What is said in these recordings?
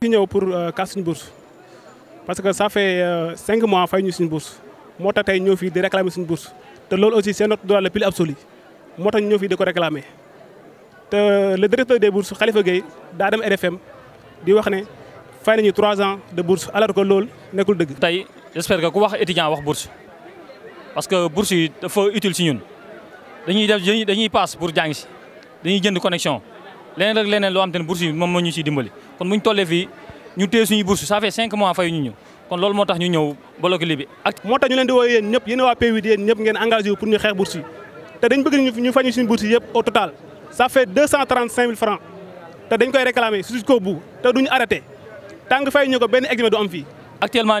ki ñëw pour kaas euh, suñu bourse parce que ça fait euh, cinq mois fay ñu suñu bourse moo tax tey ñëw fii di réclamer suñu bourse te loolu aussi seen notre droit le plus absolu moo tax ñu ñëw di ko réclamer te le directeur des bourses xalifa Gueye daa dem RFM di wax ne fay nañu trois ans de bourse alors que loolu nekkul dëgg. tey j'espère ko ku wax étudiant wax bourse parce que bourse yi dafa utile si ñun. dañuy def dañuy paas pour jàng dañuy jënd connexion leneen leneen loo xam te ne moom moo ñu siy dimbali kon bu ñu tollee fii ñu téye suñu bourse ça fait cinq mois fay ñu ñëw kon loolu moo tax ñu ñëw bloqué li bi ak moo tax ñu leen di wooye yéen ñëpp yéen waa P8 yéen ñëpp ngeen engagé wu pour ñu xeex bourse yi te dañ bëgg ñu fañu suñu bourse yi yëpp au total ça fait deux cent trente cinq mille francs te dañ koy réclamer jusqu'au bout te duñu arrêté tant que fay ñu ko benn examen du am fii actuellement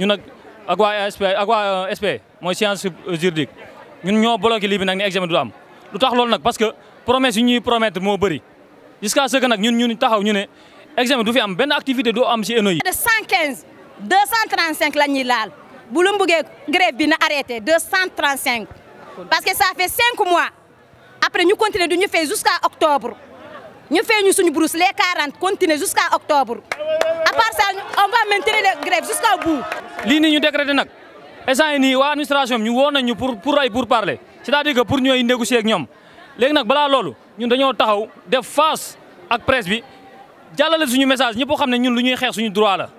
ñun nag ak waa ASP ak waa euh, SP mooy science juridique ñun ñoo bloqué lii bi nag ne du am lu tax loolu nag parce que promesse yi ñuy promettre moo bëri jusqu'à ce que nag ñun ñun taxaw ñu ne examen du fi am benn activité du am ci ENO yi. de 115 235 la ñuy laal bu lu bëggee grève bi na arrêté 235 parce que ça fait 5 mois après ñu continuer du ñu fay jusqu'à octobre ñu fay ñu suñu brousse les 40 continuer jusqu'à octobre à part ça on va maintenir les grèves jusqu'au bout. lii nii ñu décrété nag instant yii nii waa administration bi ñu woo nañu pour pour ay pour parler c'est-à-dire que pour ñooy négocier ak ñoom léegi nag balaa loolu ñun dañoo taxaw def face ak presse bi jàllale suñu message ñëpp xam ne ñun lu ñuy xeex suñu droit la.